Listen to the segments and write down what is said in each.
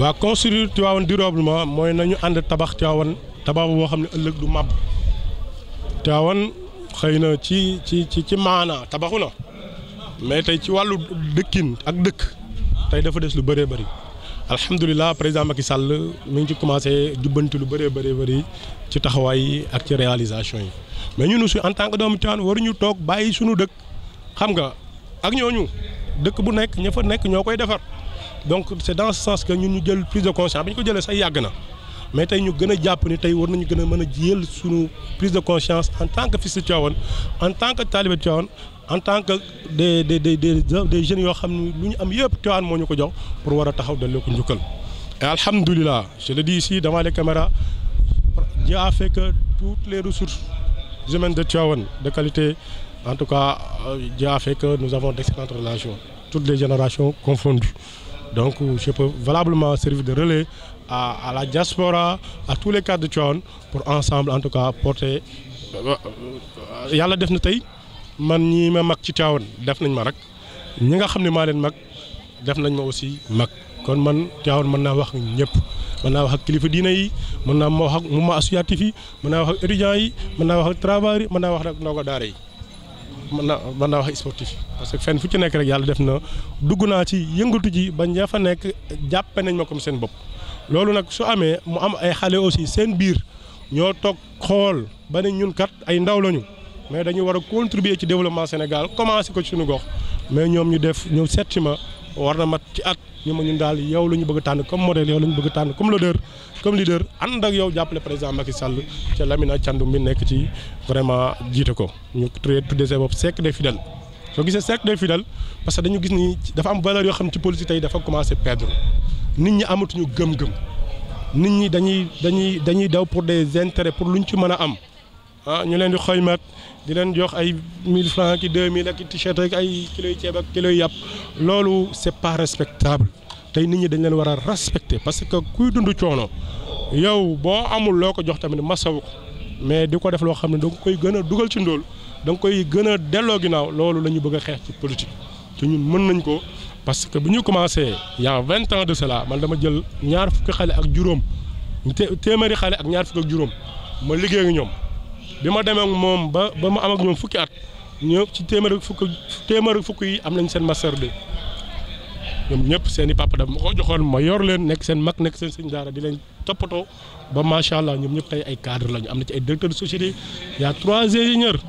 waa construire Tivaouane durablement mooy nañu ànd tabax Tivaouane tabax boo xam ne ëllëg du màbb Tivaouane xëy na ci ci ci ci maanaa tabaxu na mais tey ci wàllu dëkkin ak dëkk tey dafa des lu bëree bëri alhamdulilah président Macky Sall mu ngi ci commencé jubbanti lu bëree bëri bëri ci taxawaay ak ci réalisation yi mais ñun aussi en tant que doomu Tivaouane waruñu toog bàyyi suñu dëkk xam nga ak ñooñu dëkk bu nekk ña fa nekk ñoo koy defar. donc c'est dans ce sens que ñun ñu jël prise de conscience bi ñu ko jëlee sax yàgg na mais tey ñu gën a jàpp ni tey war nañu gën a mën a jël suñu prise de conscience en tant que fils de Tivaouane en tant que talibé Tivaouane en tant que de des jeunes yoo xam ne lu ñu am yëpp Tivaouane moo ñu ko jox pour war a taxaw delloo ko njukkal. et alhamdulilah je le dis ici devant les caméras Dieu a fait que toutes les ressources humaines de Tivaouane de qualité en tout cas euh, Dieu a fait que nous avons d'excellentes relations toutes les générations Donc, je peux valablement servir de relais à, à la diaspora, à tous les cadres de Tchon, pour ensemble, en tout cas, porter. Euh, yàlla def na tey man ñi ma mag ci Tivaouane def nañ ma rek ñi nga xam ne maa leen mag def nañ ma aussi mag kon man Tivaouane mën naa wax ñëpp mën naa wax ak kilifa diina yi mën naa ma wax ak mouvement associatif yi mën naa wax ak étudiants yi mën naa wax ak travailleurs yi mën naa wax ak ndongo daara yi. mën na mën naa wax sportif parce que fenn fu ci nekk rek yàlla def na dugg naa ci yëngatu ji ba ña fa nekk jàppe nañ ma comme seen bopp loolu nag su amee mu am ay xale aussi seen biir ñoo toog xool ba ne ñun kat ay ndaw lañu mais dañuy war a contribuer ci développement Sénégal commencé ko ci suñu gox mais ñoom ñu def ñëw seet ma war na mat ci at ñu ma ñun daal yow la ñu bëgg tànn comme modèle yow la bëgg tànn comme leader comme leader ànd ak yow jàppale président Macky Sall ca Lamina Thiandoum bi nekk ci vraiment jiite ko ñu tuddee seen bopp cercle des fidèles soo gisee cercle des fidèles parce que dañu gis ni dafa am valeur yoo xam ci politique tey dafa commencé perdre nit ñi amatuñu gëm-gëm nit ñi dañuy dañuy dañuy daw pour des intérêts pour lu ñu ci mën a am ah ñu leen di xoymat di leen jox ay 1000 francs ki 2000 ak t-shirt ak ay kiloy ceeb ak kiloy yàpp loolu c'est pas respectable tey nit ñi dañ leen war a respecter parce que kuy dund coono yow boo amul loo ko jox tamit masawu ko mais di ko def loo xam ne da koy gën a dugal ci ndóol danga koy gën a delloo ginnaaw loolu la ñu bëgg a xeex ci politique te ñun mën nañ ko parce que bu ñu commencé y vingt ans de cela man dama jël ñaar fukki xale ak juróom té téeméeri xale ak ñaar juróom ma liggéey ñoom bi ma demee moom ba ba ma am ak ñoom fukki at ñëw ci téeméer fukk téeméer fukk yi am nañ seen master de ñoom ñëpp seen i papa daf ma ko joxoon ma yor leen nekk seen mag nekk seen sëñ daara di leen toppatoo ba macha allah ñoom ñëpp tey ay cadre lañu am na ci ay directeur de société y a trois ingénieurs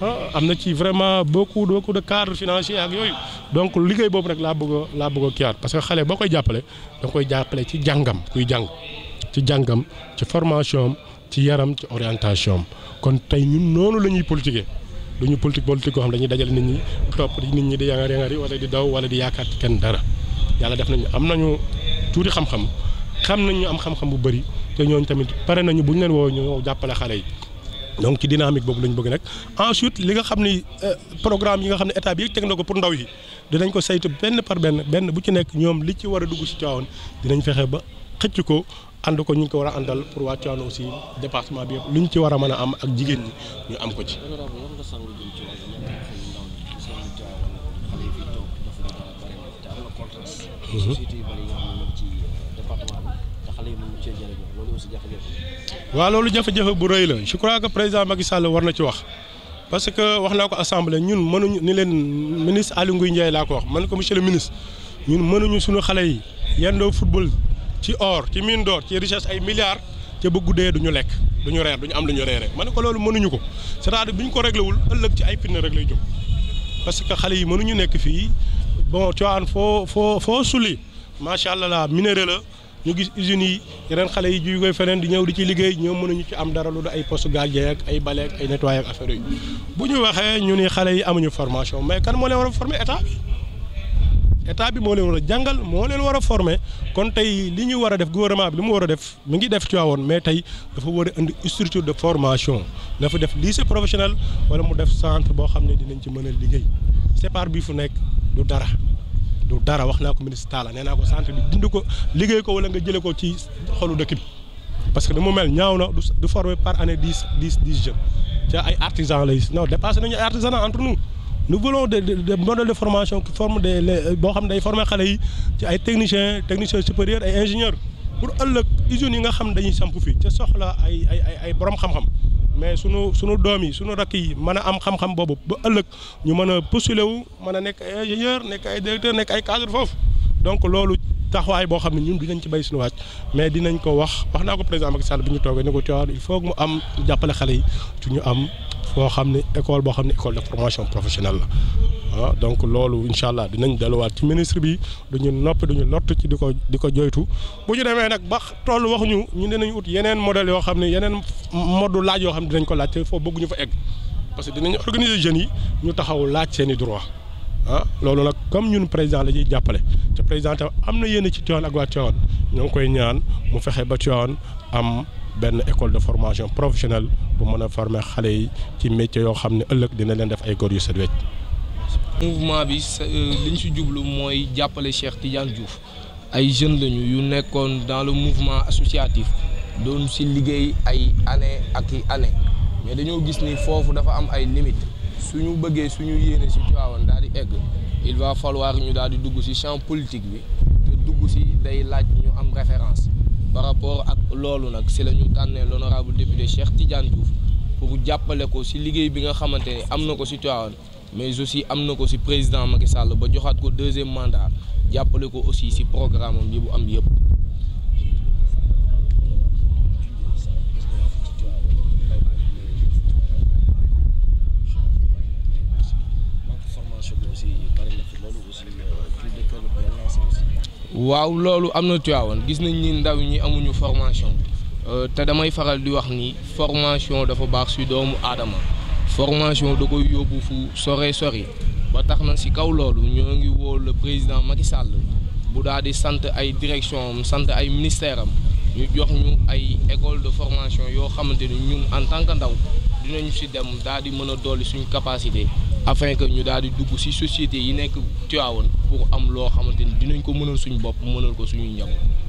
ah, am na ci vraiment beaucoup beaucoup de cadres financiers ak yooyu donc liggéey boobu rek laa bëgg a laa bëgg a kiyaat parce que xale boo koy jàppale da koy jàppale ci jàngam kuy jàng ci jàngam ci formation ci yaram ci orientation kon tey ñun noonu la ñuy politiquer du ñu politique politique koo xam dañuy dajal nit ñi topp nit ñi di yangar yangar yi di daw wala di yaakaar ci kenn dara yàlla def nañu am nañu tuuti xam-xam xam nañ ñu am xam-xam bu bëri te ñooñu tamit pare nañu bu ñu leen woo ñoo jàppale xale yi donc ci dynamique boobu la bëgg bëgg nag ensuite li nga xam ni euh, programme yi nga xam ne état bi yëg teg na ko pour ndaw yi dinañ ko saytu benn par benn benn bu ci nekk ñoom li ci war a dugg si Tivaouane dinañ fexe ba xëcc ko ànd ko ñu ngi ko war a àndal pour waa Tivaouane aussi département bi yëpp lu ñu ci war a mën a am ak jigéen ñi ñu am ko ci. Mhm. Euh, waaw loolu jafe-jafe bu rëy la je crois que président Macky Sall war na ci wax parce que wax naa ko assemblée ñun mënuñu ni leen ministre Aly Ngouille Ndiaye laa ko wax man ko monsieur le ministre ñun mënuñu suñu xale yi yendoo football ci or ci mine d'or ci richesse ay milliards ca bu guddee du ñu lekk du ñu reer du ñu am lu ñu reeree ma ne ko loolu mënuñu ko cest à ko réglé wul ëllëg ci ay fitna rek lay jóg parce que xale yi mënuñu nekk fii bon Tivaouane foo foo foo suli macha allah la minerai la ñu gis usines yi ren xale yi juy koy feneen di ñëw di ci liggéey ñoom mënuñu ci am dara lu du ay poste gardien ak ay bale ak ay nettoyé ak affaire yooyu bu ñu waxee ñu ni xale yi amuñu formation mais kan moo leen war a état état bi moo leen war a jàngal moo leen war a former kon tey li ñu war a def gouvernement bi li mu war a def mi ngi def Tivaouane mais tey dafa war a indi structure de formation dafa def lycée professionnel wala mu def centre boo xam ne dinañ ci mën a liggéey sépar bii fu nekk du dara du dara wax naa ko ministre Talla nee naa ko centre bi dindi ko liggéey ko wala nga jëlee ko ci xolu dëkk bi parce que dama mel ñaaw na du former par année dix dix dix jeunes ca ay artisans lay non dépassé nous voulons des des modèles de formation qui de des boo xam ne day former xale yi ci ay technicien techniciens supérieurs ay ingénieurs pour ëllëg usines yi nga xam dañuy sampu fii ca soxla ay ay borom xam-xam mais sunu sunu doom yi sunu rakk yi mën a am xam-xam boobu ba ëllëg ñu mën a postuler wu mën a nekk ay ingénieur nekk ay directeur nekk ay cadre foofu donc loolu. taxawaay boo xam ne ñun dinañ ci bay suñu waaj mais dinañ ko wax wax naa ko président Macky Sall bi toogee ne ko Tivaouane il faut mu am jàppale xale yi ci ñu am koo xam ne école boo xam ne école de formation professionnelle la ah donc loolu incha allah dinañ delluwaat ci ministre bi duñu noppi duñu lott ci di ko di ko joytu bu ñu demee nag ba toll waxuñu ñu dinañ ut yeneen modèle yoo xam ne yeneen modu laaj yoo xam ne dinañ ko laaj te foofu bëgguñu fa egg parce que dinañ organiser jeunes yi ñu taxaw laaj seen i droit ah loolu nag comme ñun président la ñuy jàppale te président am na yéen ci Tivaouane ak waa Tivaouane ñoo ngi koy ñaan mu fexe ba Tivaouane am benn école de formation professionnelle bu mën a former xale yi ci métier yoo xam ne ëllëg dina leen def ay góor yu set wecc mouvement bi euh, liñ si jublu mooy jàppale Cheikh Tidiane Diouf ay jeunes lañu yu nekkoon dans le mouvement associatif doon si liggéey ay année ak i mais dañoo gis ni foofu dafa am ay limites. su ñu bëggee suñu yéene si Tivaouane daal di egg il va falloir ñu daal di dugg si champ politique bi te dugg si day laaj ñu am référence par rapport ak loolu nag si la ñu tànnee l'honorable député Cheikh Tidiane Diouf pour jàppale ko si liggéey bi nga xamante ne am na ko si mais aussi am na ko si président Macky Sall ba joxaat ko deuxième mandat jàppale ko aussi si programme am yi bu am yëpp waaw loolu am na Tivaouane gis nañ ni ndaw ñi amuñu formation euh, te damay faral di wax ni formation dafa baax ci doomu aadama formation da koy yóbbu fu sore sori ba tax na ci kaw loolu ñoo ngi woo le président Macky Sall bu daal di sant ay direction sant ay ministère am ñu jox ñu ay école de formation yoo xamante ni ñun en tant que ndaw dinañu ci dem daal di mën a dolli suñu capacité afin que ñu daal di dugg ci société yi nekk Tivaouane pour am loo xamante ni dinañ ko mënal suñu bopp mënal ko suñuy njaboot